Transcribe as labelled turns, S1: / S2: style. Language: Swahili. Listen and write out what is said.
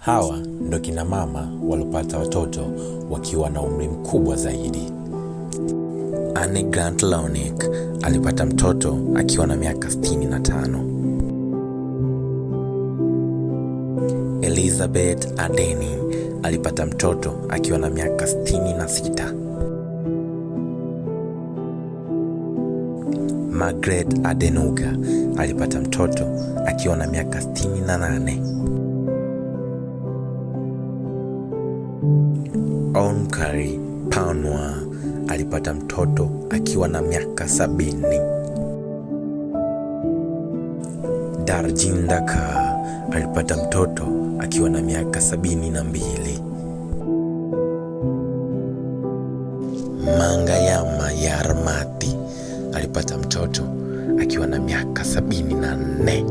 S1: Hawa ndo kina mama walopata watoto wakiwa na umri mkubwa zaidi.
S2: Anne Grant Laonic alipata mtoto akiwa na miaka 65. Elizabeth Adeni alipata mtoto akiwa na miaka 66. Margaret Adenuga alipata mtoto akiwa na miaka 68. onkari Panwa alipata mtoto akiwa na miaka sabini. Darjindaka alipata mtoto akiwa na miaka sabini na mbili. Mangayama Yarmati alipata mtoto akiwa na miaka sabini na nne.